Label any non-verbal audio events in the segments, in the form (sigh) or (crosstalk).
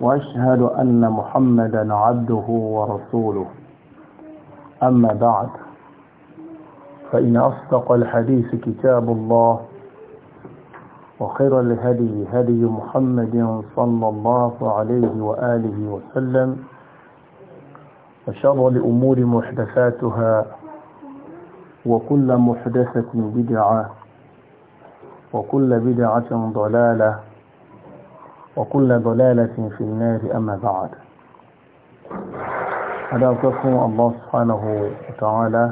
وأشهد أن محمدا عبده ورسوله أما بعد فإن أصدق الحديث كتاب الله وخير الهدي هدي محمد صلى الله عليه وآله وسلم وشر الأمور محدثاتها وكل محدثة بدعة وكل بدعة ضلالة وكل ضلالة في النار أما بعد هذا أتفهم الله سبحانه وتعالى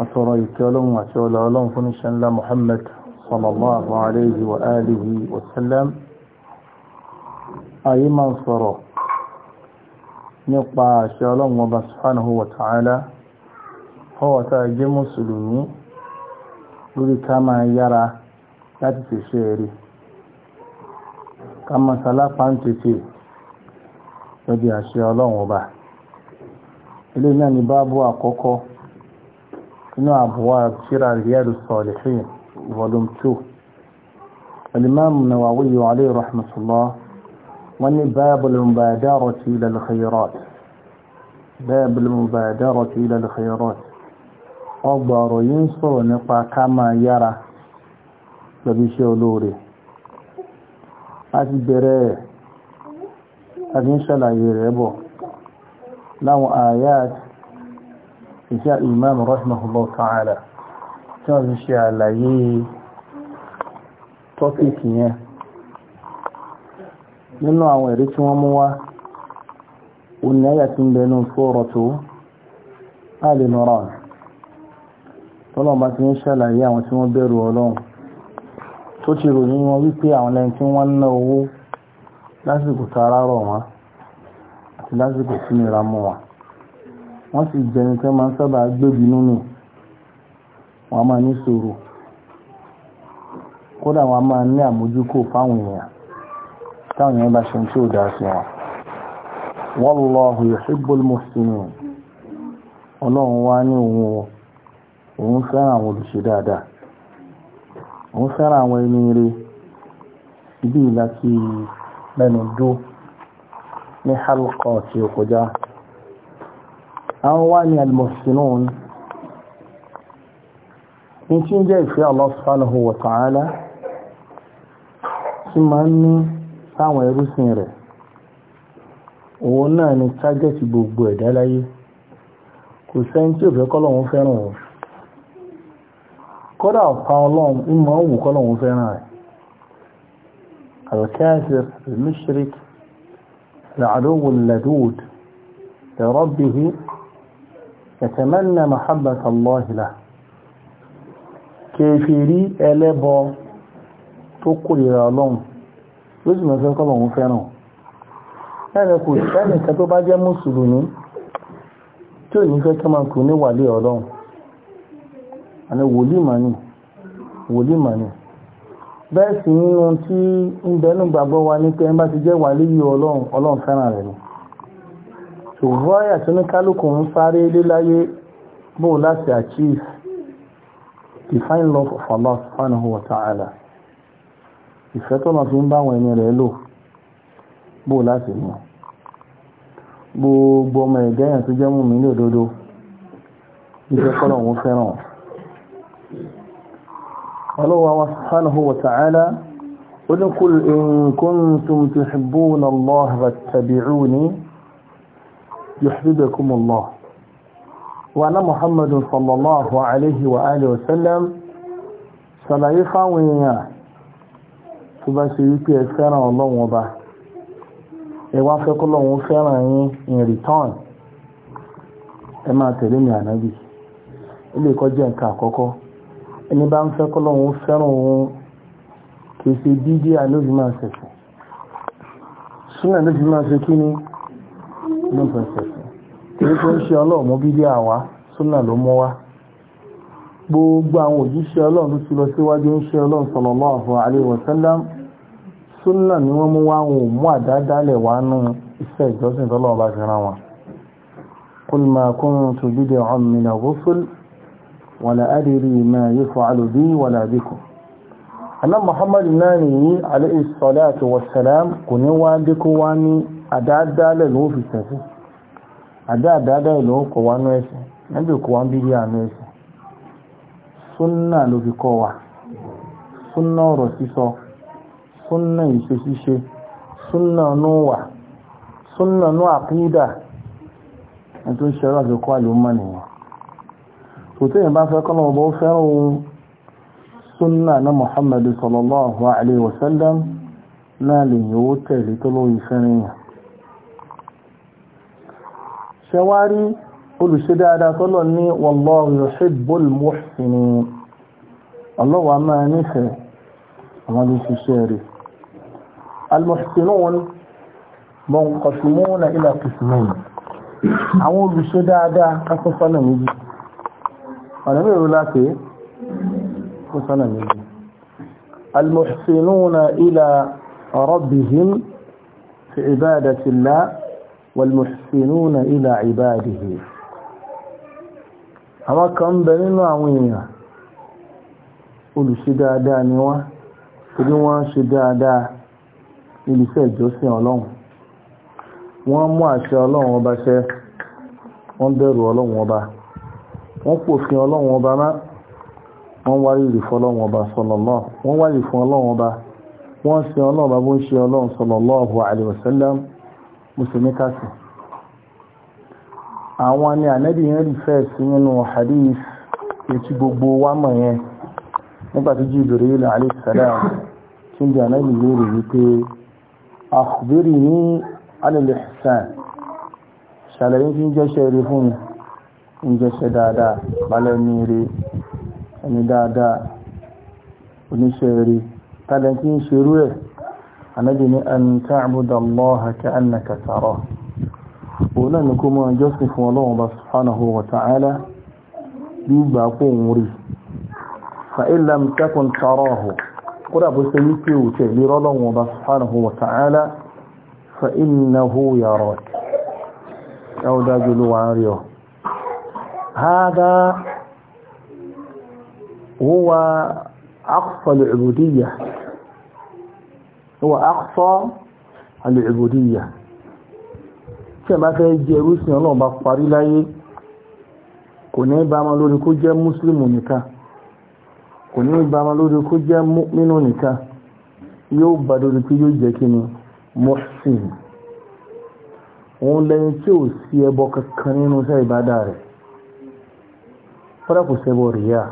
أترى يكلم وأتولى لهم فنشا محمد صلى الله عليه وآله وسلم أي من صروا nípa شالهم ọlọ́run ọba subhanahu wa ta'ala ọwọ́ tá jẹ́ mùsùlùmí lórí ká ká mọ́ sálápá ń tètè lọ́dí àṣẹ ọlọ́run ọba ilé náà ni báàbù àkọ́kọ́ inú àbúwá síra Riyadu Salihin volume 2 alimami Nawawi alayhi rahmatullah wọ́n ní báàbù al-mubadarati ila al-khayrat báàbù al-mubadarati yìí ń sọ̀rọ̀ nípa ká máa yára lọ́bí iṣẹ́ olóore a ti bẹ̀rẹ̀ rẹ̀ a ti ń ṣàlàyé rẹ̀ bọ̀ láwọn ayat iṣẹ́ imam rahimahullah ta'ala tí wọ́n ti ṣe àlàyé tọ́pìkì yẹn nínú àwọn ẹ̀rí tí wọ́n mú wá òní ayà ń bẹnu fọ́rọ̀ tó alìmọ̀ràn ti ń ṣàlàyé àwọn tí wọ́n bẹ̀rù tó ti ròyìn wọn wípé àwọn lẹ́yìn tí wọ́n ná owó lásìkò tààrà rọ̀ wọn àti lásìkò tí nira mọ́ wọn wọ́n sì jẹni tẹ́ máa ń sábà gbébi nínú wọn máa ní sòrò kódà wọn máa ní àmójúkò fáwọn èèyàn táwọn èèyàn bá ṣe ń tí ò dá sí wọn wallahu yuhibbul muhsinin ọlọ́run wá ní òun òun fẹ́ràn àwọn olùṣe dáadáa òun fẹ́ra àwọn ẹni rẹ̀ ibi ìlàkì mẹ́nu dó ní halqa tí ó kọjá àwọn wá ní al ní tí ń jẹ́ ìfẹ́ Allah subhanahu wa ta'ala tí ma ń ní sáwọn ẹrúsìn rẹ̀ òun náà ni tágẹ́tì gbogbo ẹ̀dá láyé kò sẹ́ni tí ò fẹ́ kọ́lọ̀ wọn fẹ́ràn òun kódà ọ̀pá ọlọ́run ìmọ̀ òwú kọ́lọ̀wọ́ fẹ́ràn rẹ̀ alkafir al-mushrik العدو اللدود لربه يتمنى محبة الله له kèfèrí ẹlẹ́bọ tó kòrìrà ọlọ́run ló sì mẹ́fẹ́ kọ́lọ̀wọ́ fẹ́ràn ẹ̀rẹ́ kò sẹ́nìkan tó bá jẹ́ mùsùlùmí tí ò ní fẹ́ kí ọmọkùnrin wà ọlọ́run àní wòlíì mà ní wòlíì mà ní bẹ́ẹ̀ sì nínú tí ń bẹnu gbàgbọ́ wa ní pé ẹ bá ti jẹ́ wà léyìí ọlọ́run ọlọ́run fẹ́ràn rẹ̀ ni ṣùgbọ́n àyà tí ní kálukú ń sáré lé láyé bó láti achieve divine love of Allah subhanahu wa ta'ala ìfẹ́ tọ́nà fi ń bá àwọn ẹni rẹ̀ lò bó láti mú gbogbo ọmọ ẹ̀dẹ́yàn tó jẹ́ mú mi ní òdodo ìfẹ́ kọ́lọ̀ wọn fẹ́ràn ọlọ́wà wa subhanahu wa ta'ala ó ní kul in kuntum tuhibbuna Allah fattabi'uni yuhibbukum Allah wa ana Muhammadun sallallahu alayhi wa alihi wa sallam ṣàlàyé fáwọn èèyàn tó bá ṣe wípé ẹ fẹ́ràn ọlọ́run ọba ẹ wá fẹ́ kọ́lọ́run in return ẹ máa tẹ̀lé mi ànábì ilé ìkọ́jẹ́ nǹkan àkọ́kọ́ ẹni bá ń fẹ́ kọ́lọ́hún fẹ́ràn òun kìí ṣe dídí àlójú máa ṣẹ̀ṣẹ̀ súnà lójú máa ṣe kí ni ló fẹ́ ṣẹ̀ṣẹ̀ kìí tó ń ṣe ọlọ́ọ̀mọ́ bídí àwa súnà ló mọ́ wá gbogbo àwọn òjíṣẹ́ ọlọ́run tó ti lọ síwájú ń ṣe ọlọ́run sallallahu alaihi wasallam súnà ni wọ́n wala adiri ma yaf'alu bi wala bikum annabi muhammad náà nìyí alayhi salatu wassalam kò ní wá bí kó wá ní àdáadáalẹ̀ ló fi tẹ̀sí àdáadáalẹ̀ ló kọ̀ wá ní ẹ̀sìn níbi kò wá ń bí díà ní ẹ̀sìn súnà sòtẹ́ yẹn bá fẹ́ kọ́ lọ́wọ́ bó fẹ́ràn ohun súnà na Muhammad sallallahu alaihi wasallam náà lè yíó tẹ̀lé tó lórí fẹ́ràn yẹn ṣẹwárí olùṣe dáadáa tọ́lọ̀ ní wallahu yuhibbul muhsinin ọlọ́wà máa nífẹ̀ẹ́ àwọn olùṣiṣẹ́ dáadáa kásán méjì ọ̀nà mẹ́rin rúlá pé ó sọ́nà méjì almuhsinuna ila rabbihim fi ibadatillah walmuhsinuna ila ibadihi àwọn kan bẹ nínú àwọn èèyàn olùṣe dáadáa ni wọ́n torí wọ́n ṣe dáadáa ilé-iṣẹ́ ìjọsìn ọlọ́run wọ́n mú àṣẹ ọlọ́run ọba ṣẹ wọ́n bẹ̀rù ọlọ́run ọba wọ́n pòfin ọlọ́run ọba má wọ́n wárìrì fọlọ́run ọba wọ́n fún ọlọ́run ọba wọ́n sin ọba bó ń ṣe ọlọ́run sọlọ́lọ́hu àlèwọ̀sẹ́lẹ́m àwọn ni ànẹ́bí yẹn rí fẹ́ sí nínú hadith gbogbo wa mọ̀ yẹn nígbàtí jìbìrì ilẹ̀ àlèsẹ́lẹ́m ń jẹ́ṣẹ́ dáadáa balẹ̀mí rí ẹni dáadáa oníṣẹ́ rí tàbí kí ń ṣerú ẹ̀ anájì ní an ta'budu Allaha ka'annaka tarahu òun náà ni kó mọ́ jọ́sìn fún Ọlọ́run bá subhanahu wa ta'ala bí gbà fún wà ń هذا هو أقصى العبودية هو أقصى العبودية كما تجيروس الله بفاري لاي kò ní bá ma lórí kó jẹ́ mùsùlùmù nìkan kò ní bá ma lórí kó jẹ́ mọ́mínú nìkan yóò bá lórí kí yóò jẹ́ kí ni mọ́sìn òun lẹ́yìn tí ò sí ẹbọ kankan nínú iṣẹ́ ìbádà rẹ̀ kọ́dà kò sẹ́bọ̀ rìyà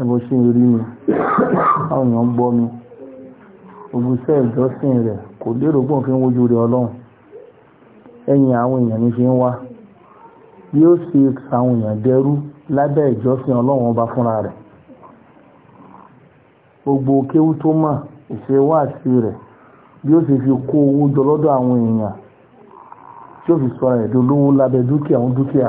ẹbọ ṣe ń rí mi àwọn èèyàn gbọ́ mi ògùnṣẹ́ ìjọsìn rẹ̀ kò lérò gbọ́n fi ń wojú rẹ̀ ọlọ́run ẹ̀yìn àwọn èèyàn ní fi ń wá yóò ṣe àwọn èèyàn dẹrú lábẹ́ ìjọsìn ọlọ́run ọba fúnra rẹ̀ gbogbo kéwú tó mọ̀ ìṣe wá àti rẹ̀ bí ó ṣe fi kó owó jọ lọ́dọ̀ àwọn èèyàn tí ó fi sọ ẹ̀dùn lówó lábẹ́ dúkìá òun dúkìá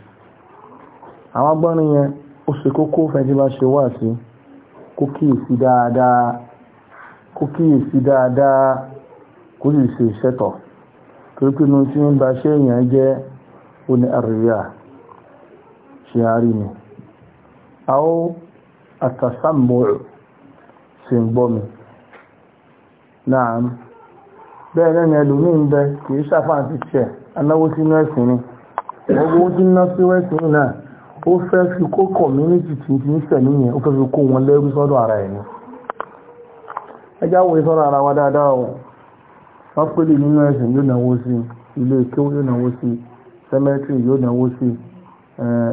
àwọn agbọ́nrin yẹn ó ṣe kókó fẹ́ntí bá ṣe wà sí kó kíyèsí dáadáa kó kíyèsí dáadáa kó sì ṣe ìṣẹ́tọ̀ torí pé tí ń ba ṣe èèyàn jẹ́ ó ní àríyá ṣe àárí ni a ó àtàsàmùrù sì ń gbọ́ mi náà bẹ́ẹ̀ lẹ́nu ẹlòmí ń bẹ kìí ṣàfáà ti ṣẹ̀ anáwó sínú ẹ̀sìn ni ọgbọ́n tí ń ná sí ẹ̀sìn náà ó fẹ́ fi kó community tí ti ń sẹ̀mí ó fẹ́ fi kó wọn lẹ́rú sọ́dọ̀ ara ẹ̀ ni ẹjá wo sọ́dọ̀ ara wa dáadáa o wọ́n pèlè nínú ẹ̀sìn yóò náwó sí ilé kéwú yóò náwó sí cemetery yóò náwó sí eh,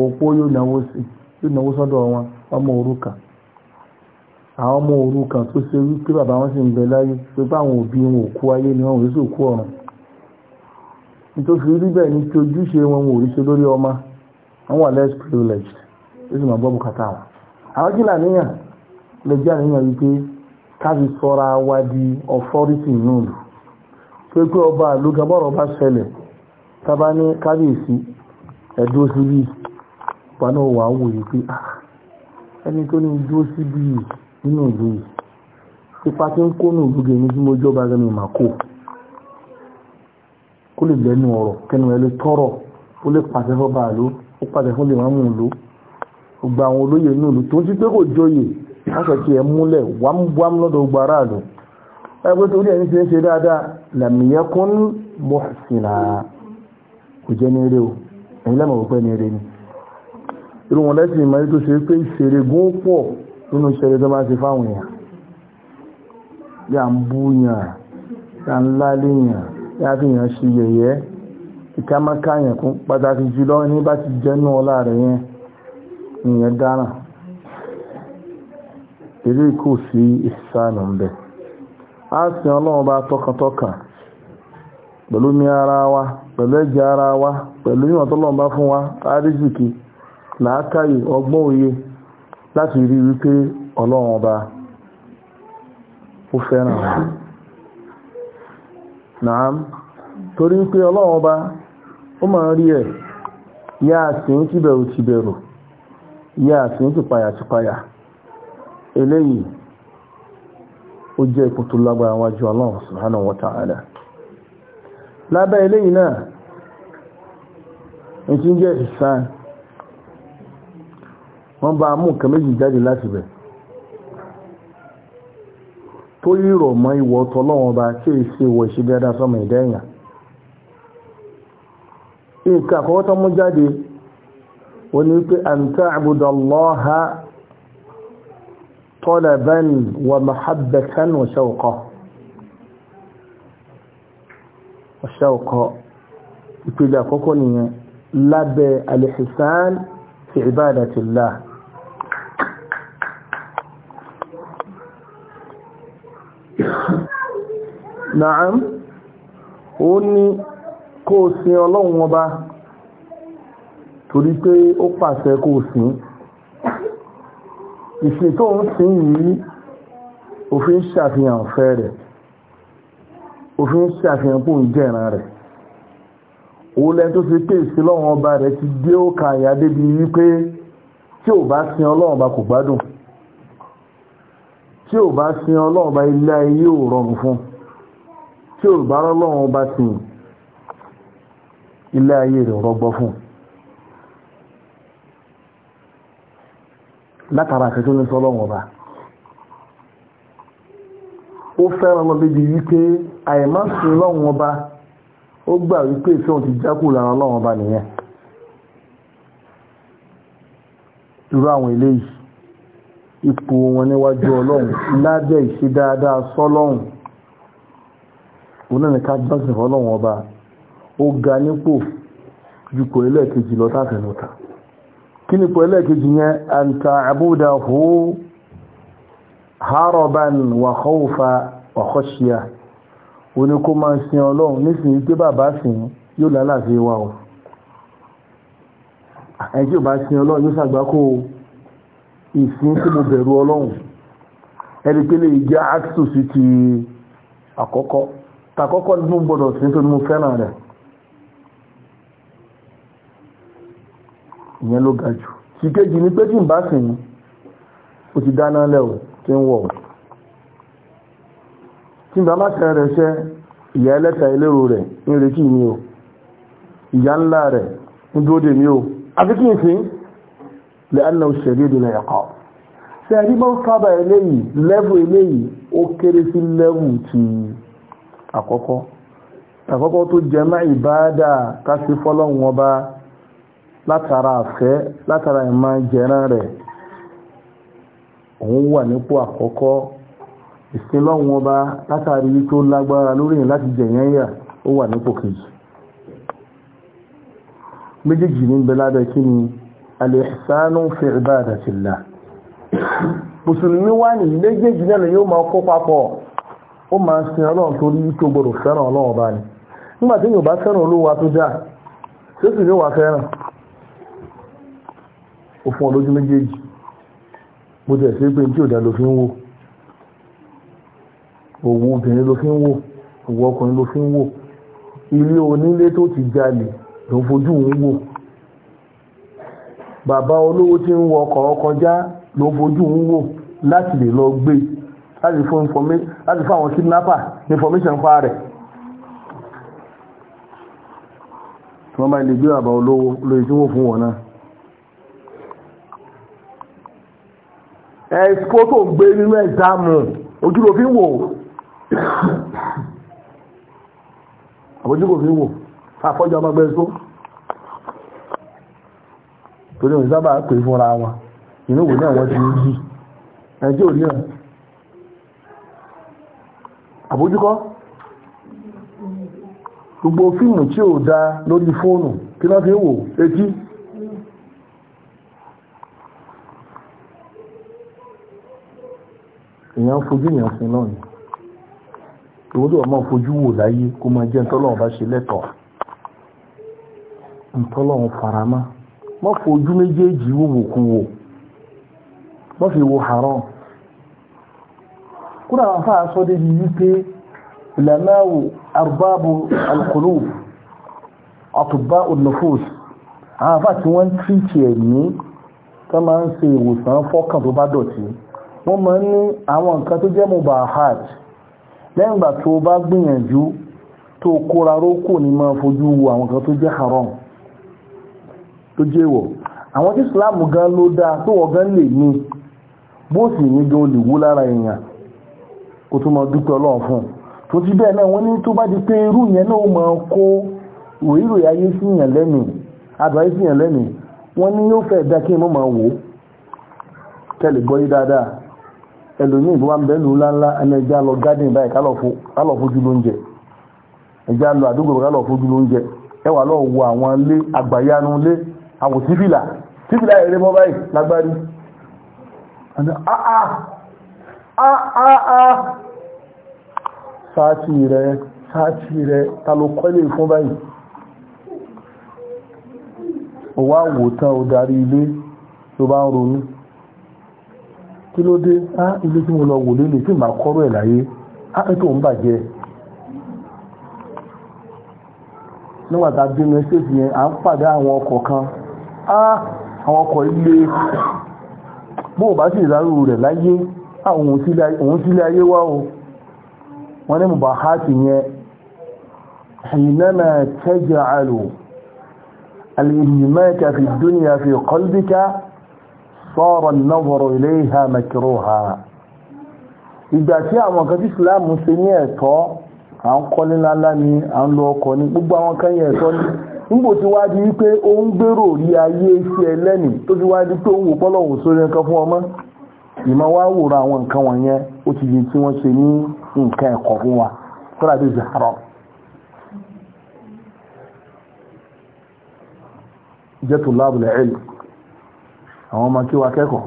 òpó yóò náwó sí yóò náwó sọ́dọ̀ wọn ọmọ òrukàn àwọn ọmọ òrukàn tó ṣe bàbá wọn sì ń bẹ láyé pé báwọn òbí wọn ò kú ayé ni wọn ò rí sí wọ́n wà less privileged ó sì mọ̀ bọ́ bùkátà wọn àwọn kí làníyàn lè jẹ́ àníyàn wípé káfi sọ́ra wa di authority inú ìlú pé pé ọba àlúgabọ́rọ̀ bá ṣẹlẹ̀ tábá ní kábíyèsí ẹ̀dó síbí paná wà wò yìí pé ah, ẹni tó ní dó síbí nínú ìlú yìí ipa tí ń kó ní ògbóge ní tí mo jọba lè lẹ́nu ọ̀rọ̀ kẹnu ẹ ó lè pàṣẹ fọ́ba ó pàṣẹ fún lè máa mú un lò ó gba àwọn olóyè inú ìlú tó ń sí pé kò jóyè láṣọ kí ẹ múlẹ̀ wámúwám lọ́dọ̀ gbogbo aráàlú ẹgbẹ́ torí ẹni ṣe ń ṣe dáadáa làmìyẹ́kún mọ́sìnà kò jẹ́ ní eré ẹ̀yìn lẹ́mọ̀ pẹ́ ní ni irú wọn lẹ́sìn ìmọ̀lẹ́ tó ṣe pé ìṣeré gún pọ̀ nínú ìṣeré tó máa ṣe fáwọn èèyàn ìkámáká yẹn kún pàtàkì jùlọ ní bá ti jẹ́nu ọlá rẹ̀ yẹn ìyẹn dáràn eré kò sí a sin ọlọ́run bá tọkàntọkàn pẹ̀lú mi ara wa pẹ̀lú ẹ̀jẹ̀ ara wa pẹ̀lú ìwọ̀n bá fún wa áríjìkì làákàyè ọgbọ́n òye láti rí wípé ọlọ́run ọba ó fẹ́ràn wa torí pé ọba ó máa rí ẹ̀ yá àsìn tí bẹ̀rù ti bẹ̀rù yá àsìn tí payà ti eléyìí ó jẹ́ ipò tó lágbára wájú Allah subhanahu wọ́n bá mú nǹkan méjì jáde láti bẹ̀ tó yí rọ̀ mọ́ ìwọ̀ tọ́lọ́wọ́n bá èsì ìwọ̀ ìṣẹ́gádá sọ́mọ̀ nǹkan àkọ́kọ́ tó mú jáde wọ́n ni pé an ta'budallaha talaban wa mahabbatan wa shawqa wa shawqa ìpìlẹ̀ àkọ́kọ́ nìyẹn lábẹ́ al fi ibadatillah na'am ó kó o sin ọlọ́run ọba torí pé ó pàṣẹ kó o sin ìsìn tó ń sin yìí òfin ṣàfihàn fẹ́ rẹ̀ òfin ṣàfihàn pò ń jẹ̀ràn rẹ̀ òun lẹ́n tó fi pé ìsìn lọ́wọ́n ọba rẹ̀ ti dé ó ka àyà débi wípé tí ò bá sin ọlọ́run ọba kò gbádùn tí ò bá sin ọlọ́run ọba ilé ayé ò rọrùn fún tí ò bá rọ́lọ́run ọba sìn ilé ayé rẹ̀ rọgbọ fún látara àfẹ́ ní sọ́lọ́wọ̀n ọba ó fẹ́ràn lọ bíbi wípé àìmáṣe lọ́wọ́n ọba ó gbà wípé ìfẹ́ òun ti jákù lára lọ́wọ́n ọba nìyẹn irú àwọn eléyìí ipò wọn níwájú ọlọ́run lábẹ́ ìṣe dáadáa sọ́lọ́run onínìká gbọ́sìn fọ́lọ́wọ́n ọba ó ga nípò jùpò ẹlẹ́ẹ̀kejì lọ tàfẹ̀lọ́ta kí nípò ẹlẹ́ẹ̀kejì yẹn an ta'budahu haraban wa khawfa wa khashya oní kó máa sin ọlọ́run nísìnyí pé bàbá sìn yóò lálàáfíà wa o ẹjí ò bá sin ọlọ́run yóò ṣàgbákò ìsìn tí mo bẹ̀rù ọlọ́run ẹni pé lè jẹ́ axis ti àkọ́kọ́ tàkọ́kọ́ ní gbọ́dọ̀ sí nítorí mo fẹ́ràn rẹ̀ ìyẹn ló ga jù ti kejì ni pé tí n bá sìn ní o ti dáná lẹ́wọ̀ tí ń wọ̀ tí n bá má tẹ́ rẹ̀ ṣẹ́ ìyá ẹlẹ́ta ìlérò rẹ̀ ń retí mi o ìyá ńlá rẹ̀ ń dúró dè mí o àfi kí n sìn lẹ́ẹ̀nà òṣèré ìdènà ẹ̀kọ́ ṣe ẹni sábà eléyìí lẹ́vù eléyìí ó kéré sí lẹ́vù ti àkọ́kọ́ àkọ́kọ́ tó jẹ má ìbáadà ká sí ọba látara àfẹ́ látara ìmọ̀ jẹran rẹ̀ òun wà nípò àkọ́kọ́ ìsinlọ́hun ọba látàrí tó lágbára lórí yìí láti jẹ̀yàn yà ó wà nípò kejì méjèèjì ní bẹ̀lábẹ̀ kí ni alẹ́sánú fi ibadatillah mùsùlùmí wá ní méjèèjì náà yóò máa kó papọ̀ ó máa sin ọlọ́run tó rí tó gbọdọ̀ fẹ́ràn ọlọ́run ọba ni nígbà tí yóò bá fẹ́ràn olówó tó sì ní wà fẹ́ràn ó fún ọ lójú méjèèjì mo tẹ̀ sí pé tí òdà ló fi ń wò òwò obìnrin ló fi ń wò òwò ọkùnrin ló fi ń wò ilé onílé tó ti jalè ló ń fojú òun wò bàbá olówó tí ń wọ ọkọ̀ kọjá ló ń fojú òun wò láti lè lọ gbé láti fún àwọn kidnapper information pa rẹ̀ tí wọ́n bá lè gbé bàbá olówó lóye tí wọ́n fún wọn náà ẹ̀sìkò tó ń gbé nínú ẹ̀dámù ojúlò fi ń wò àbójúkò fi ń wò fàfọ́jọ́ ọmọ gbẹ́só torí òun sábà pè fúnra wọn inú òwe náà wọ́n ti ń yí ẹjọ́ òní ọ̀ àbójúkọ́ gbogbo fíìmù tí ò da lórí fóònù kí náà fi ń wò etí èèyàn fojú èèyàn sin náà ni ìwọ́n tó wà máa fojú wò láyé kó máa jẹ́ ntọ́lọ́run bá ṣe lẹ́tọ̀ọ́ ntọ́lọ́run faramá má fojú méjèèjì wòwò kú wò má fi wo haram kúrò àwọn afáà sọ débi wípé ìlànàwò arbábù alqulub àtùbá an-nufus àwọn afáà tí wọ́n ń tìrìkì ẹ̀ tó máa ń ṣe ìwòsàn fọ́kàn tó bá dọ̀tí wọ́n máa ń ní àwọn nǹkan tó jẹ́ mubahat lẹ́yìn ìgbà tó bá gbìyànjú tó kóra rókò ní máa fojú wo àwọn nǹkan tó jẹ́ haram tó jẹ́ ìwọ̀ àwọn tí islam gan ló dáa tó wọ́n gan lè ní bó sì ní gan olè wó lára èèyàn kó tó máa dúpẹ́ ọlọ́run fún un tó ti bẹ́ẹ̀ náà wọ́n ní tó bá di pé irú yẹn náà máa kó òhìrò ayé sí yàn lẹ́nu adùn ayé sí yàn lẹ́nu wọ́n ní yóò fẹ́ dá kí n mọ́ máa wò tẹ́lẹ̀ gbọ́ yí dáadáa ẹlòmí ìbú wa ń bẹ́ẹ̀lú ńláńlá ẹni ẹjá lọ gádìn báyìí kálọ̀ fojú lóúnjẹ ẹjá lọ àdúgbò lọ wo àwọn ilé àgbàyanu ta ló kọ́lé fún báyìí ó wá wò tán ó darí ilé kí ló dé á ilé tí mo lọ wò lélè tí màá kọ́rọ̀ ẹ̀ láyé á ètò ń bàjẹ́ nígbàtà bínú ẹ́sẹ̀sì yẹn à ń pàdé àwọn ọkọ̀ kan á àwọn ọkọ̀ ilé bó bá sì ìdárò rẹ̀ láyé àwọn òun sílé ayé wá o wọ́n ní mọ̀bá hàtì yẹn حينما تجعل الإهماك في الدنيا في قلبك sọ́rọ̀ nọ́bọ̀rọ̀ ilé ìhà mẹ́kìrò ha ìgbà tí àwọn kan tí islam ṣe ní ẹ̀tọ́ à ń kọ́lé ńláńlá ni à ń lo gbogbo àwọn kan yẹn ẹ̀tọ́ ní nígbò tí wá di wípé ó ń gbèrò rí ayé iṣẹ́ ẹlẹ́nì tó fi wá di pé òun àwọn ọmọ kí wa kẹ́kọ̀ọ́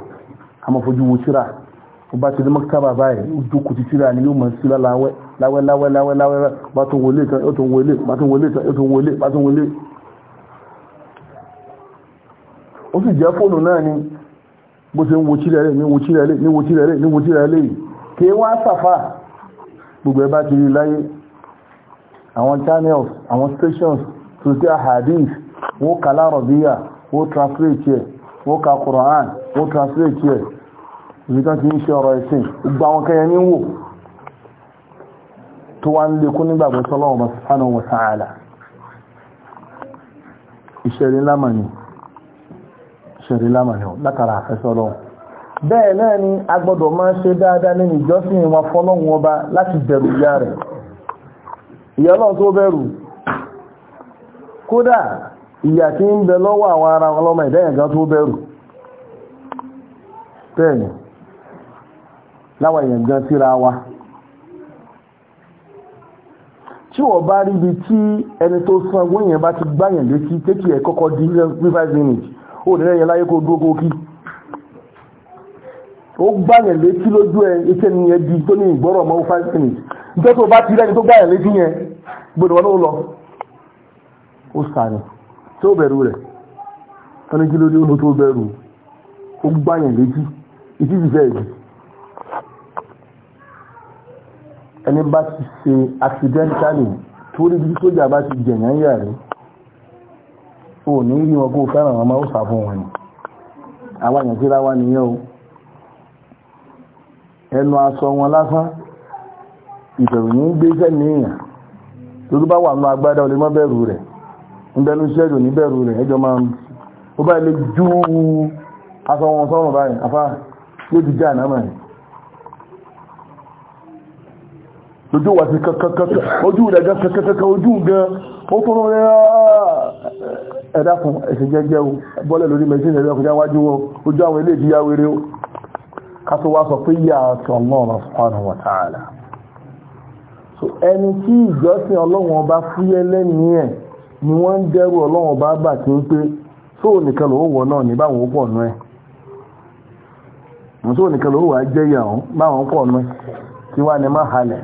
a mọ̀ fojú wo tíra ó bá ti dé mọ́kítàbà báyìí ó jókòó ti tíra ni yóò mọ̀ sí láwẹ́ láwẹ́ láwẹ́ láwẹ́ láwẹ́ bá tó wọlé tán ó tó wọlé bá tó wọlé tán ni bó ṣe ń wo tíra rẹ̀ ní wo àwọn channels àwọn stations tó ti ahadith wọ́n kà láàrọ̀ bíyà wọ́n translate yẹn wọ́n ka Quran wọ́n translate ẹ̀ ìrítà tí ń ṣe ọ̀rọ̀ ẹ̀sìn gbogbo àwọn kẹyẹ ní wò tó wá ń lékún nígbàgbọ́ sọ́lọ́wọ́ bá subhanahu ni ṣe dada láti ìyà tí ń bẹ lọ́wọ́ àwọn ara ọlọ́mọ ìdẹ́yìn gan tó bẹ̀rù bẹ́ẹ̀ni láwọn èèyàn gan síra wa tí wọ́n bá rí ibi tí ẹni tó san owó yẹn bá ti gbáyàn létí tẹ́kì ẹ̀ kọ́kọ́ di 5 minutes ó lè rẹ̀yìn láyé kó dúró kó kí ó gbáyàn létí lójú ẹ iṣẹ́ ni ẹ di tó ní ìgbọ́rọ̀ mọ́ 5 minutes nítorí tó bá ti rẹ́ni tó gbáyàn létí yẹn gbọ́dọ̀ wọn ló lọ ó sàrẹ̀ tí ó bẹ̀rù rẹ̀ tọ́ni kí ló dé oúnjẹ tó bẹ̀rù ó gbáyàn létí ìtí ìfẹ́ ìdí ẹni bá ti ṣe accidentally tó rí bí sójà bá ti jẹ̀yàn yà rí ò ní rí wọn kó fẹ́ràn wọn máa ó sà wọn ni àwọn èèyàn síra wá nìyẹn o ẹnu aṣọ wọn lásán ìbẹ̀rù ní gbé sẹ́ni èèyàn tó bá wà nù agbádá olè rẹ̀ ìbẹnu ṣẹ́jù níbẹ̀rù rẹ̀ ẹjọ́ máa ń ó bá ilé jú aṣọ wọn sọ́rùn báyìí afá yóò ti já náà rẹ̀ lójú wà sí kankankan ojú rẹ̀ gan kankankan ojú gan ó tó wa ta'ala so ẹni tí ìjọsìn ọlọ́wọ́n bá fúyẹ́ lẹ́ni ẹ̀ ni wọ́n ń dẹ́rù ọlọ́run bá bà tí ń pé sóò nìkan ló wọ̀ náà ní báwọn pọ̀ nù ẹ̀ sóò nìkan ló wà jẹ́ ìyàwó báwọn pọ̀ nù ẹ̀ tí wá ní má halẹ̀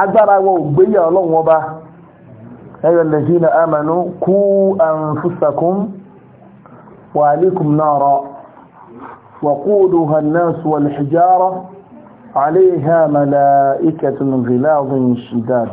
agbára wọn ò gbé yà ọlọ́run ọba ẹ̀yọ̀ lẹ́sìn amanu kú anfusakum wa alaykum nara وقودها الناس والحجارة عليها ملائكة غلاظ شداد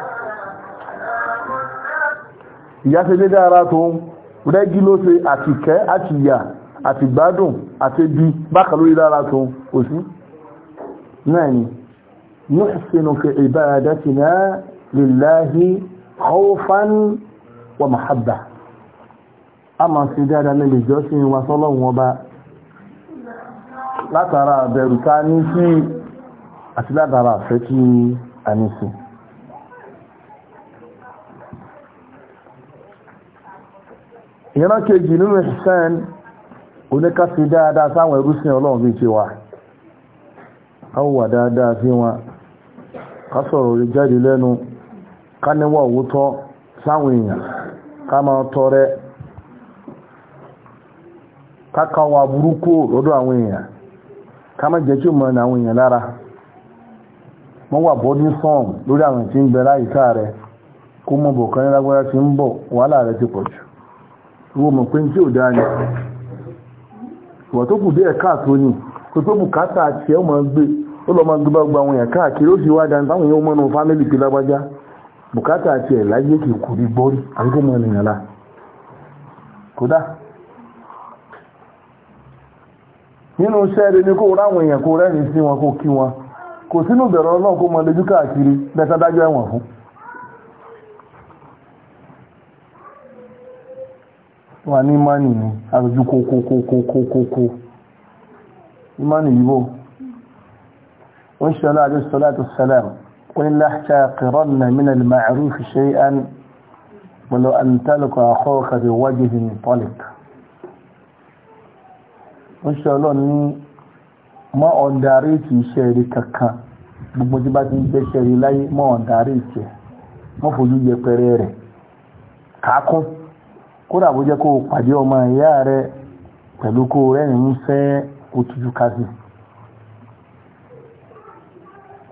ìyá ṣe dédé ara tó ń rẹ́gí ló ṣe àtìkẹ́ àtìyà àtìgbádùn àtẹbí bákan lórí lára tó kò sí náà ni nuhsinu fi ibadatina lillahi khawfan wa mahabba a máa fi dáadáa lè àti látara àfẹ́ tí a ní sí ìran kejì nínú ìsẹ́n oníkàsí dáadáa sáwọn ẹrúsìn ọlọ́run bí ti wà áwùwà dáadáa sí wọn ká sọ̀rọ̀ rí jáde lẹ́nu ká níwà òwútọ́ sáwọn èèyàn ká máa tọrẹ ká káwà burúkú lọ́dọ̀ àwọn èèyàn ká má jẹ́ bọ́dí lórí àwọn ń rẹ̀ kó kan ní lágbára ń bọ̀ ti wo mọ̀ pé tí ò dá ní ìwọ̀ tó kù dé ẹ̀ká tó ní kò tó bùkátà tí ẹ mọ̀ gbé ó lọ mọ̀ gbé bá gba àwọn èèyàn káàkiri ó sì wá dáa táwọn èèyàn mọ́nà fámílì pé lágbájá bùkátà tí ẹ̀ nínú iṣẹ́ rẹ̀ ni ráwọn èèyàn sí wọn kí wọn kò sínú wà ní ìmánì ní àrùjú kókókókókókó ìmánì yíbò wọ́n ṣe aláàrẹ sọ́látọ̀ sálàm wọ́n ni láhta kìrọ́n na mínà ma'arufi ṣe an wọ́n an tálùkọ àkọ́ọ̀kà rẹ̀ wájihin tọ́lik wọ́n ṣe ọlọ́ ní ma ọ̀dárí ti iṣẹ́ rí kankan gbogbo tí bá ti ń jẹ́ ṣẹ́rí láyé ma ọ̀dárí ìṣẹ́ mọ́ fojú yẹpẹrẹ rẹ̀ kákún kódà bó jẹ́ kó pàdé ọmọ ìyá rẹ pẹ̀lú kó rẹ́rìn ń fẹ́ kó tújú ká sí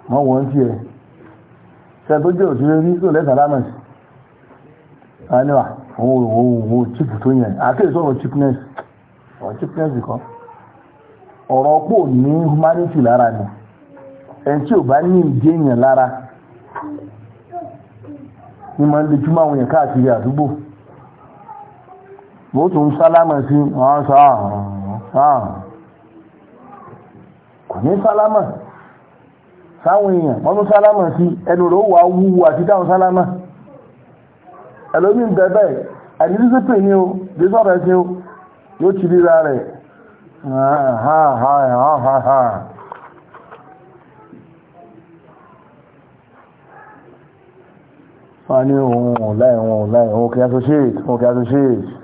mọ́ wọ́n tí ẹ̀ ṣe tó jẹ́ òṣèré rí tó lẹ́sà lámẹ̀sì àníwà òun ni ẹni ń lè túmọ̀ àwọn èèyàn káàkiri àdúgbò bó tún sálámà sí wọ́n sọ ah, ah, ah. kò ní sálámà sáwọn èèyàn wọ́n tún sálámà sí ẹnu rẹ̀ wà wúwo àti dáhùn sálámà ẹlòmí bẹ̀bẹ̀ ẹni ní o bí sọ̀rọ̀ ẹ̀sìn o yóò ti ríra rẹ̀ wọ́n ní òun ò láì ò láì òun kìí associate òun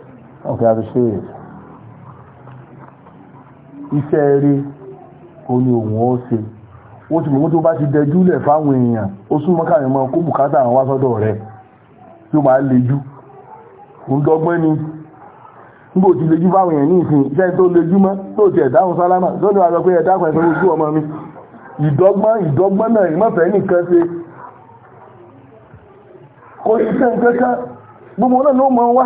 ọ̀kẹ́ àtúnṣe rẹ̀ iṣẹ́ eré oní òun ó ṣe ó ti mọ̀ tó bá ti dẹjú lẹ̀ fáwọn èèyàn ó súnmọ́ káàrin mọ́ kó bùkátà àwọn wásọ́dọ̀ rẹ̀ tí ó máa lejú ń dọ́gbọ́n ni nígbò tí lejú fáwọn èèyàn ní ìsìn iṣẹ́ tó lejú mọ́ tó ti ẹ̀dáhùn sálámà tó ní wàá pé ẹ̀dáhùn ẹ̀sọ́ ojú ọmọ mi ìdọ́gbọ́n ìdọ́gbọ́n náà ìmọ̀fẹ́ nìkan ṣe kò sí kẹ́kẹ́ gbogbo náà ló mọ wá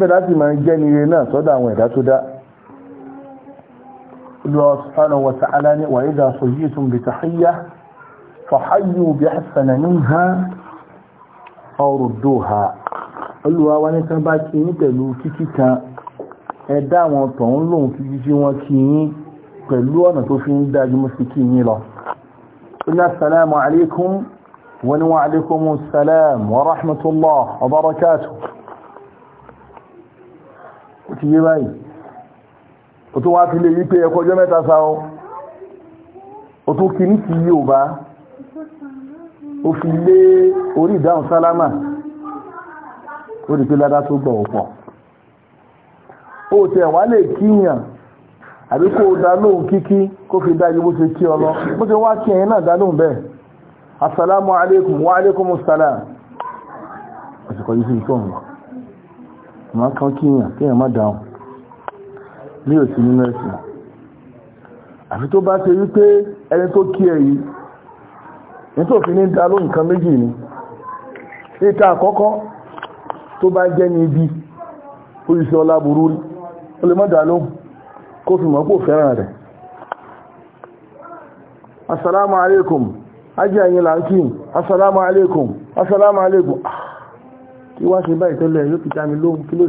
bẹ́ẹ̀ láti máa jẹ́ nire náà sọ́dọ̀ àwọn ẹ̀dá tó dá Allah subhanahu wa ta'ala ní wa idha sayyitum bi tahiyya fahayyu bi ahsana minha aw rudduha Olúwa wa ní tán bá kí yín pẹ̀lú kíkí kan ẹ̀dá àwọn tọ̀hún lòun kíkí tí wọ́n kí yín pẹ̀lú ọ̀nà tó fi ń dájú mú sí kí yín lọ Assalamu alaikum wa alaikum assalam wa rahmatullah wa barakatuh o ti yé báyìí o tún wa fi lè wípé ẹ̀kọ́ ọjọ́ mẹ́ta sa ọ́ ó tún kí ní ti o fi le orí ìdáhùn salama. o rí pé ládá tó lè kíyàn o kíkí kó fi dá iye bó ṣe kí ọ wa alaikum yìí sí ìtọ́ ma kan kíyàn kíyàn má dáhùn ní òsì nínú ẹ̀sìn àfi tó bá ṣe wípé ẹni tó kí ẹ yìí ní tó fi ní dá ló nǹkan méjì ni ìta àkọ́kọ́ tó bá jẹ́ ní ibi oríṣẹ́ ọlá burú rí ó lè má dá lóhùn kó fi mọ́ pò fẹ́ràn rẹ̀ assalamu alaikum ajé ẹ̀yìn là assalamu alaikum assalamu alaikum ah. ìwá ṣe báyìí tẹ́lẹ̀ yóò fi dámi lóhun kí ló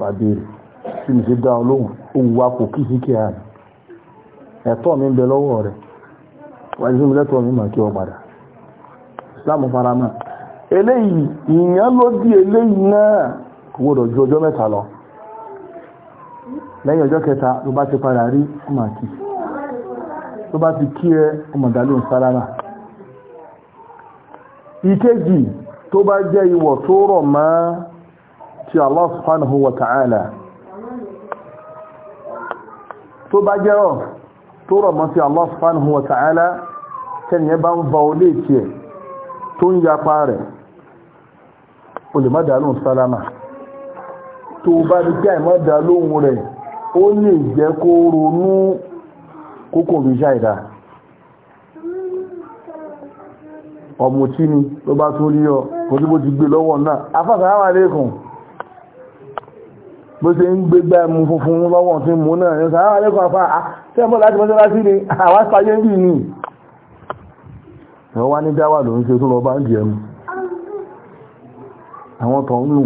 wà bèèrè tí ohun wa kò kí kí a rẹ̀ ẹ̀tọ́ mi ń bẹ lọ́wọ́ rẹ̀ wà ní lẹ́tọ́ mi kí ọ padà islamu farama eléyìí ìyàn ló di eléyìí náà kò ju lọ kẹta ti tó bá jẹ́ ìwọ̀ tó rọ̀ mọ́ ti Allah subhanahu wa ta'ala tó bá jẹ́ ọ̀ tó rọ̀ mọ́ ti Allah subhanahu wa ta'ala tẹ́niyẹ bá ń va olé tí ẹ̀ tó ń yapa rẹ̀ olùmọ́dàlù sálámà tó bá rí kí àìmọ́dàlù rẹ̀ ó lè jẹ́ ronú kókò rí ṣáìdáa ọ̀mùtí ni ló bá tó rí ọ òjúbó ti gbé lọ́wọ́ náà afásàráwà lẹ́kùn bó ṣe ń gbé gbá ẹmu funfun lọ́wọ́ tí mú náà ní sàráwà lẹ́kùn afá àtẹ́mọ́ ah, láti mọ́ sára sí ni àwa ah, sáyé ń bì ní ẹ̀wọ́n wá ní dáwà ló ń ṣe tó lọ bá ń jẹ mu àwọn tó ń lù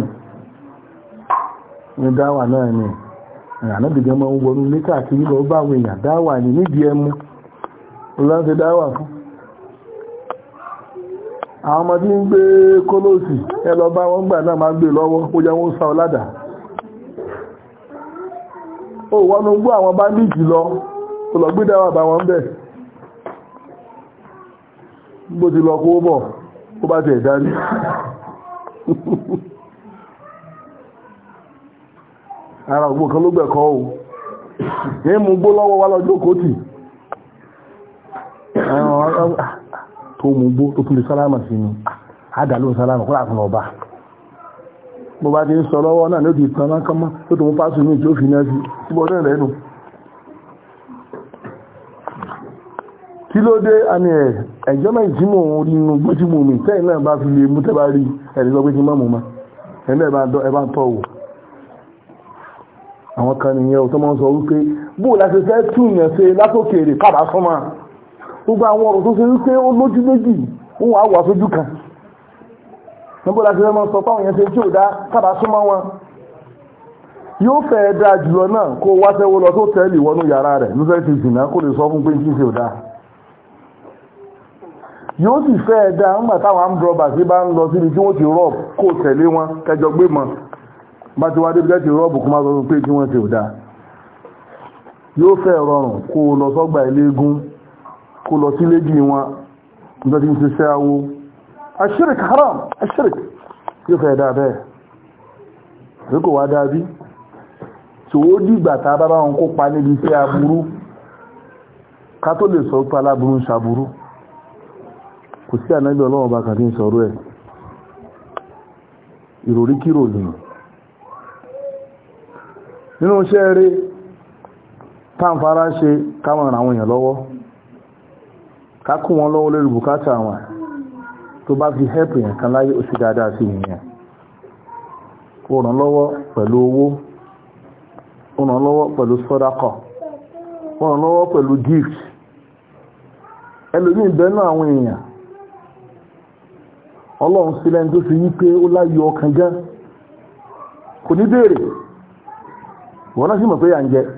ní dáwà náà ni ànábìgẹ́ mọ́ ń wọnú ní káàkiri lọ bá àwọn èèyàn dáwà ní nídìí ẹmu ọlọ́run dáwà fún àwọn ọmọ ń gbé kólóòsì ẹ bá gbà náà máa gbé lọ́wọ́ ó yẹ wọn sá ọ ládàá ó gbọ́ àwọn bá lọ lọ bá wọn bẹ̀ bó ti lọ kó bọ̀ ó ara ògbò kan ló tó mú gbó tó tún lè sálámà sí ni àdàlù ah, sálámà kó láàfin ọba bó bá ti ń sọ lọ́wọ́ náà ló ti tán lákánmá tó tó mú pásù ní ìjó fìnà sí síbọ̀ náà rẹ̀ nù kí ló dé àmì ẹ̀ ẹ̀jọ́ mẹ́ ìjímọ̀ òun rí inú gbójúmù mi tẹ́yìn náà bá fi lè mú tẹ́ bá rí ẹ̀rí lọ pé kí mọ́mù ma ẹ̀mí ẹ̀ bá ń tọ́ wò àwọn kan nìyẹn ò tó mọ́ sọ wípé bó láti fẹ́ tún ìyẹn ṣe kábàá sọ́mọ́ gbogbo àwọn ọ̀rọ̀ tó ṣe wípé ó lójú méjì ń wà wà sójú kan níbo láti fẹ́ mọ́ sọ fáwọn èèyàn ṣe tí ò dá kábà súnmọ́ wọn yóò fẹ́ dáa jùlọ náà kó wá tẹ́wó lọ tó tẹ́lì wọnú yàrá rẹ̀ ló fẹ́ ti jìnà kó lè sọ fún pé kí ṣe ò dáa yóò sì fẹ́ dáa ń gbà táwọn amdrọ́bà sí bá ń lọ síbi tí wọ́n ti rọ́ọ̀b kó tẹ̀lé wọn kẹjọ gbé mọ́ bá ti wá débi ti rọ́ọ̀bù kó má sọ pé kí wọ́n ṣe ò dáa yóò fẹ́ rọrùn kó lọ sọ́gbà ilé kó lọ sí léjì wọn nítorí ń ṣiṣẹ́ awo ashirik haram ka yóò fẹ́ dáa bẹ́ẹ̀ rí kò wá dáa bí tí ó dìgbà tá bá wọn kópa níbi iṣẹ́ aburú ká tó lè sọ pé aláburú ń kò sí ànábì ọlọ́wọ́ bá ká kún wọn lọ́wọ́ lórí bùkátà wọn tó bá fi help yẹn kan láyé oṣù dáadáa sí ìyẹn ó pẹ̀lú owó ó pẹ̀lú sọ́dákọ̀ ó pẹ̀lú gift àwọn èèyàn ọlọ́run sílẹ̀ tó fi yí pé ó láyé ọkàn gan kò ní wọ́n náà sì mọ̀ pé ń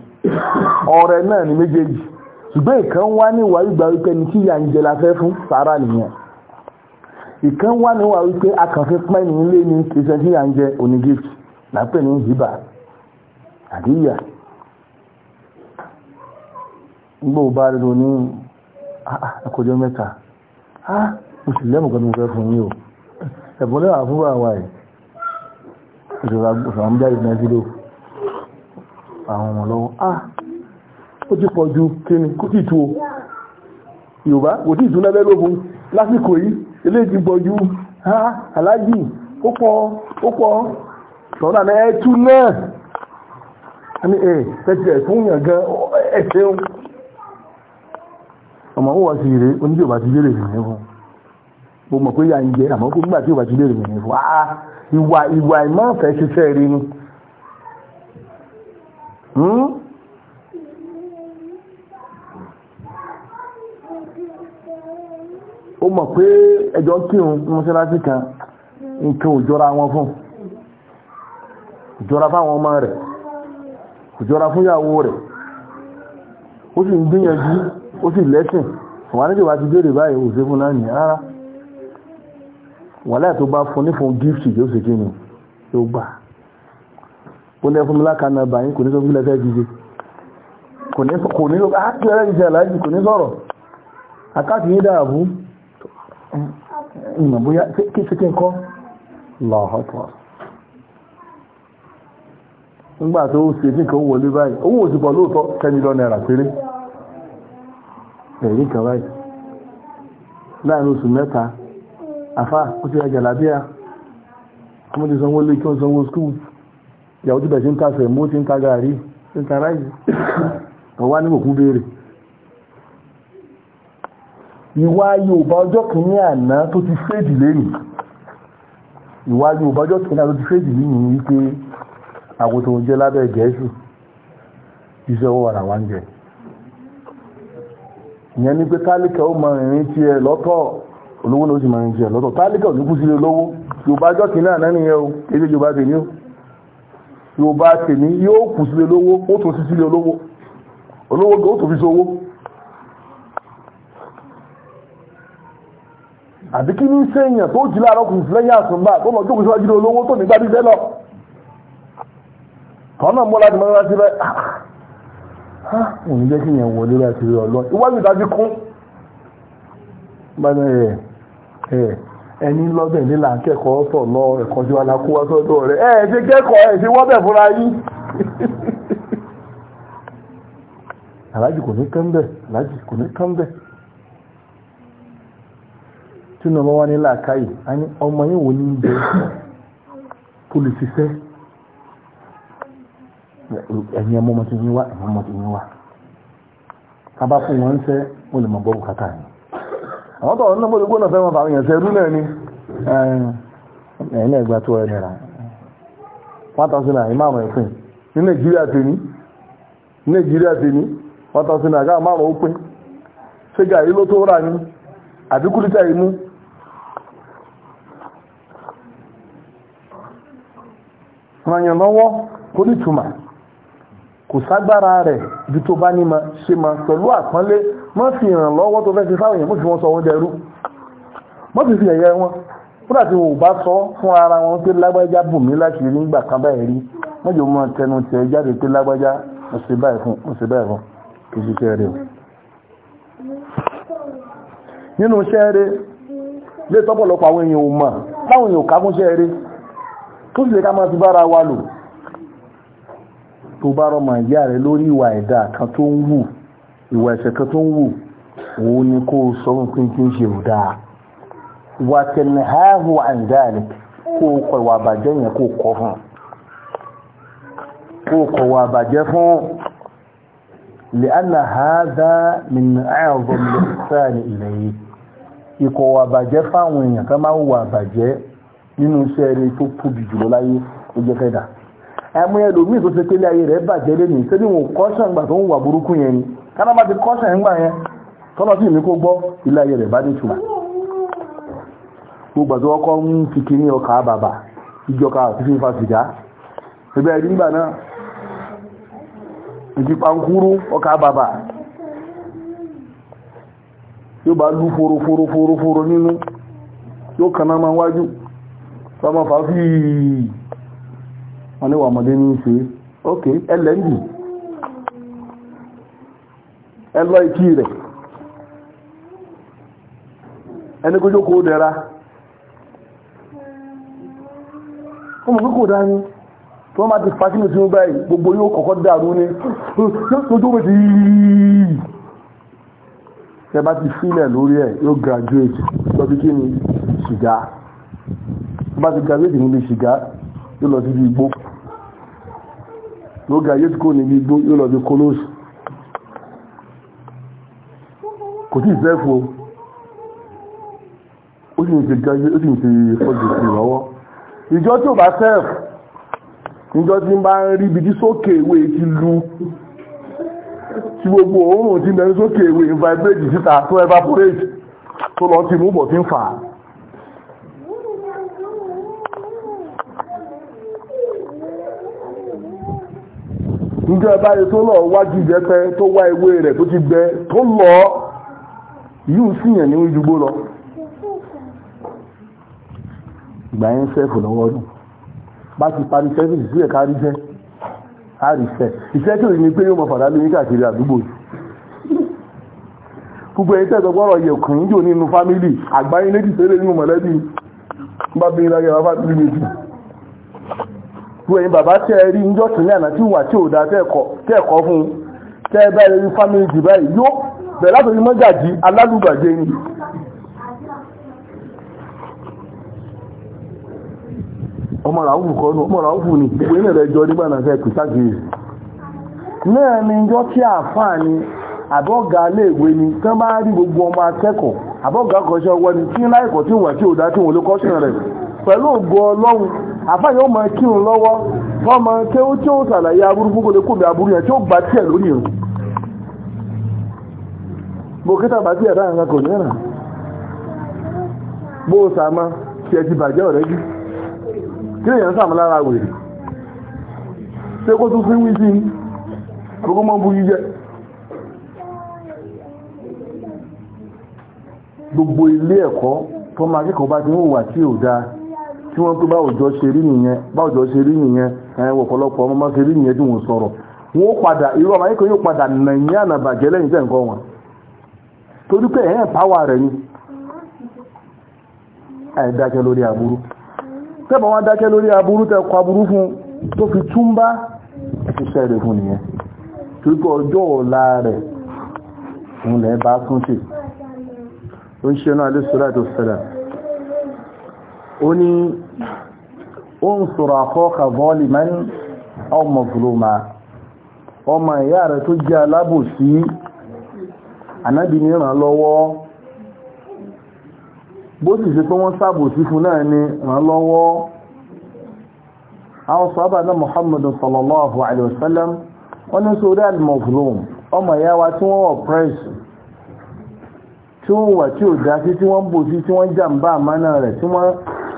ọrẹ náà ni méjèèjì ṣùgbọ́n ìkan wá ní ìwà ìgbà wípé ní kí ìyà ń jẹla fẹ́ fún sàárà nìyẹn ìkan wá ní wípé akànfẹ́ pẹ́ ilé ní kìsẹ́ tí ìyà ń jẹ lápẹ́ ní hibà àti gbọ́ bá rí àkójọ ah, ah, mẹ́ta ah, mo sì lẹ́mù kan fún o ẹ̀bùn lẹ́wà fún àwọn ìṣòro fa àwọn ọmọ lọ́wọ́ ah ó ti pọ̀ ju kíni kó sì tú o yorùbá kò tí ìtúná bẹ́ lógun lásìkò yìí ilé ti pọ̀ ju ha aláàjì ó pọ̀ ó pọ̀ tọ́lá náà ẹ tú náà ní ẹ tẹ́tí ẹ̀ fún yàn gan ẹ ṣeun ọmọ òwò sí rèé oníjì òbá ti dé lè rìn fún mo mọ̀ pé yà ń jẹ àmọ́ kó nígbà tí òbá ti dé lè rìn fún ah ìwà ìwà ìmọ̀ ọ̀fẹ́ ṣiṣẹ́ rí ni. Hmm? ó mọ̀ pé ẹjọ́ kírun mọ́ṣáláṣí kan nǹkan òjọra wọn fún òjọra fáwọn ọmọ rẹ̀ òjọra fúnyàwó rẹ̀ ó sì ń gbìyànjú ó sì lẹ́sìn wà ní ìwà ti béèrè báyìí òṣè fún láàrin rárá wà láì tó bá fún nífún gift yóò sì kí ni yóò gbà ó lẹ́ fún mi lákàánà bàyín kò ní sọ fún ilẹ̀ fẹ́ jíje kò ní àkílẹ̀ ìjẹ́ aláàjì kò ní sọ̀rọ̀ àkáàkì ní dáàbú ìmọ̀ bóyá kí sí kí n kọ́ lọ́ọ̀tọ̀ nígbà tó ṣe ní kan wọlé báyìí owó òsìpọ̀ lóòótọ́ tẹ́nilọ́ náírà péré ẹ̀rí kan báyìí láàrin oṣù mẹ́ta àfá ó ti ẹjà ìyàwó tí bẹ̀ẹ̀ sí ń ta sẹ̀mó tí ń ta gàrí tí ń ta ráìsì ọwá ní òkú béèrè ìwà Yorùbá ọjọ́ kìíní àná tó ti fèdì lẹ́nu ìwà Yorùbá ọjọ́ kìíní àná tó ti fèdì lẹ́nu wípé àgùntò jẹ́ lábẹ́ gẹ̀ẹ́sù iṣẹ́ owó ara wa ń jẹ ìyẹn ni pé tálíkà ó máa rìn tí ẹ lọ́tọ̀ olówó ló sì máa rìn tí ẹ lọ́tọ̀ tálíkà ò ní kú sílé olówó Yorùbá ọjọ́ kìíní àná nìyẹn o kéde Yorùbá tèmi o yóò bá tèmi yóò kù sílé lówó ó tó sí sílé olówó olówó gan ó tó fi sówó àbí kí ní sẹ́yìn tó jí láàárọ̀ kù sílẹ̀ yà sùn bá tó lọ jókòó síwájú lé olówó tó nígbà dídẹ́ lọ tọ́nà mọ́lá ti mọ́lá ti bẹ́ẹ̀ ha ah, ah, òun jẹ́ kí yẹn wọlé láti rí ọlọ́ iwájú ìdájú kún bá ní ẹ̀ ẹni lọ́bẹ̀ nílà akẹ́kọ̀ọ́ sọ̀ lọ ẹ̀kọ́ tí wà lákó wá sọ́dọ̀ rẹ̀ ẹ̀ kẹ́kọ̀ọ́ ẹ̀ wọ́bẹ̀ fúnra yí (laughs) aláàjì tí wá a yìí wò ní ibẹ̀ tó ọmọ wá ọmọ bá fún àwọn tọ̀rọ̀ náà mọ́lẹ̀ gbọ́nà fẹ́ràn àwọn èèyàn sẹ́rú náà ni ẹ̀yìn ẹgbà tó ẹ̀ nìra one thousand naira ìmáàmù ẹ̀sìn ní nàìjíríà ti ní nàìjíríà ti ní one thousand naira káà márùn ó tó rà ní lọ́wọ́ kó ní kò ságbára rẹ̀ ju tó bá ní ma ṣe ma pẹ̀lú àpọ́nlé má fi ràn lọ́wọ́ tó fẹ́ ṣe fáwọn èèyàn mọ́ fi wọ́n sọ wọ́n dẹrú mọ́ fi fi ẹ̀yẹ wọn fúnra tí wọ́n bá sọ fún ara wọn pé lágbájá bù mí láti rí nígbà kan báyìí rí mọ́jọ mọ́ tẹnu tẹ̀ jáde pé lágbájá mo ṣe báyìí fún mo ṣe báyìí fún kì í tó bá rọmọ ìyá rẹ lórí ìwà ẹ̀dá kan tó ń wù ìwà ẹ̀ṣẹ̀ kan tó ń wù òun ni kó sọ fún pé kí n ṣe ò dáa wà tẹ̀lé háàhù àǹdáàlì kó kọ ìwà àbàjẹ́ yẹn kó kọ fún kó kọ ìwà àbàjẹ́ fún لأن هذا من أعظم الإحسان إليه ikọ̀ wà bàjẹ́ fáwọn èèyàn ká máa wà bàjẹ́ nínú iṣẹ́ rẹ̀ tó tóbi jùlọ láyé ó jẹ́ fẹ́ dà ẹmú ẹlòmíì tó ṣe pélé ayé rẹ̀ bàjẹ́ lé nìí sẹ́bí wọn kọ́ṣàn gbà tó ń wà burúkú yẹn ni káná bá ti kọ́ṣàn gbà yẹn tọ́lọ́ sí ìmí kó gbọ́ ilé ayé rẹ̀ bá ní gbogbo àti ọkọ̀ ń fi kí ní ọkà bàbà ìjọka àti fífa sìgá ẹgbẹ́ ẹ̀rí nígbà náà wọ́n ní wà ọmọdé ní ṣe ok ẹlẹ́ndì ẹlọ ikí rẹ̀ ẹni kó jókòó dẹ̀ra ọmọ pé kò dání tí wọ́n máa ti fa sínú sínú báyìí gbogbo yóò kọ́kọ́ dàrú ní lójú omi ti yìí tẹ ti sílẹ̀ lórí ẹ̀ yóò graduate lọ sí kí ni ṣìgá bá ti graduate níbi ṣìgá yóò lọ sí ibi igbó ló ga yóò ti kó níbi igbó yóò lọ bí kólóòsù kò tí ìsẹ́fò ó sì ń ti gáyé ó sì ń ti fọ́jú sí ìrànwọ́ ìjọ tí ò bá sẹ́f ìjọ tí ń bá ń rí ibi tí sókè ìwé ti lu tí gbogbo òórùn tí mẹ́rin sókè ìwé ń vibrate síta tó evaporate tó lọ ti mú bọ̀ tí ń fà á níjọ́ báyìí tó lọ wájú ìjẹ́pẹ́ tó wá ewé rẹ̀ tó ti gbẹ tó lọ yóò sì yàn ní ìdúgbò lọ ìgbà yẹn sẹ́fù lọ́wọ́ nù bá ti parí sẹ́fìsì sí ẹ̀ka rí sẹ́ rí sẹ́ ìṣẹ́ tó rí ni pé yóò mọ fàdá lóyún káàkiri àdúgbò gbogbo ẹ̀yìn tẹ́sọ̀ gbọ́rọ̀ yẹ̀ kùn yín jò nínú fámílì àgbáyé lédìsẹ́lẹ̀ nínú mọ̀lẹ́bí bá bí i láyé wá gbogbo ẹ̀yin bàbá tẹ́ rí njọ́ tún ní àná wà tí ò dá tẹ́ẹ̀kọ́ fún tẹ́ rí fámìlì jì báyìí yóò bẹ̀rẹ̀ látòrí ni ni jọ́ gbogbo ọmọ akẹ́kọ̀ọ́ àbọ́gà kọ́ṣẹ́ ọwọ́ ni tí láìkọ̀ tí ti tí ò dá tí wọ́n ló kọ́ṣẹ́ rẹ̀ pẹ̀lú àfáà yóò máa kírun lọ́wọ́ wọ́n máa kéwú tí ó sàlàyé aburú gbogbo lè kóbi aburú yẹn tí ó gbà tí ẹ̀ lórí ìrùn bó kí tàbá tí ẹ̀dá nǹkan kò ní ẹ̀rà bó o sàmá tí ẹ ti bàjẹ́ ọ̀rẹ́ jù kí èèyàn sàmú lára wèrè ṣé kó tún fi wí sí àbúkọ́ mọ́ bu yíyẹ gbogbo ilé ẹ̀kọ́ fọ́mọ akẹ́kọ̀ọ́ bá ti ń hùwà tí ò dáa kí wọ́n pé báwùjọ ṣe rí nìyẹn báwùjọ ṣe rí nìyẹn ọ̀pọ̀lọpọ̀ ọmọ ṣe rí nìyẹn tí wọ́n sọ̀rọ̀ wọ́n padà irú ọmọ yóò padà nàìyí ànàbàjẹ́ lẹ́yìn tẹ́ wọn torí pé ẹ̀yẹn rẹ̀ ni ẹ̀dákẹ́ lórí aburú tẹ́bà dákẹ́ lórí aburú tẹ́ kọ aburú fún tó fi túmbá ṣiṣẹ́ rẹ̀ fún nìyẹn torí pé ọjọ́ ọ̀la rẹ̀ unsur akhoka zaliman aw mazluma ọmọ ìyá rẹ̀ tó jẹ́ alábòsí ànábì ní ràn lọ́wọ́ bó sì ṣe fún náà ni ràn lọ́wọ́ àwọn sọ́bà náà muhammadu sallallahu alaihi wasallam wọ́n ní sórí al-mazlum ọmọ ya wa tí wọ́n oppress tí wọ́n wà tí ò dá sí tí wọ́n bòsí tí wọ́n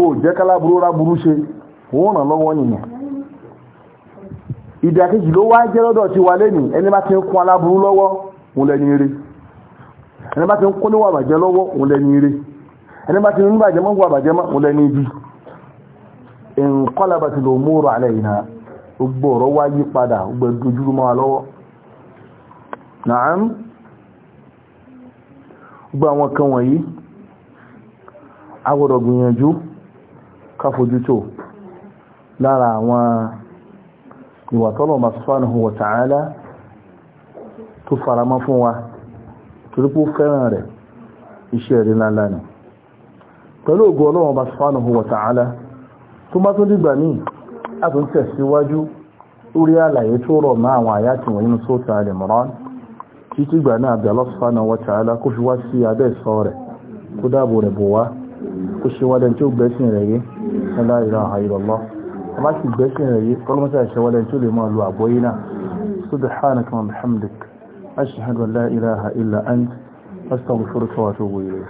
o jẹ́ kálábúrú rábúrú ṣe wọ́n ràn lọ́wọ́ ni ìdí àkejì ló wá jẹ́ lọ́dọ̀ ti wà lẹ́nu ẹni bá ti ń ẹni bá ti ń kún níwà bàjẹ́ ẹni bá ti ń bàjẹ́ mọ́ bàjẹ́ mọ́ òun lẹ́ni ibi ìǹkọ́lábà a káfojútó lára àwọn ìwà tọ́lọ̀mà subhanahu wa ta'ala tó faramọ́ fún wa torípò fẹ́ràn rẹ̀ iṣẹ́ rí lálá ni pẹ̀lú ògùn ọlọ́run bá subhanahu ta'ala tó bá tó dìgbà ní àtún tẹ̀síwájú lórí àlàyé tó rọ̀ máa àwọn àyá tí wọ́n sóta Al-Imran kó ṣe wádẹn tí ó gbẹ́sìn rẹ̀ yé la ilaha illallah a má sì gbẹ́sìn rẹ̀ yé kọlọ́mọ́sá ṣe wádẹn tí ó lè máa lo àgbọ́yé náà subhanaka wa bihamdik ashhadu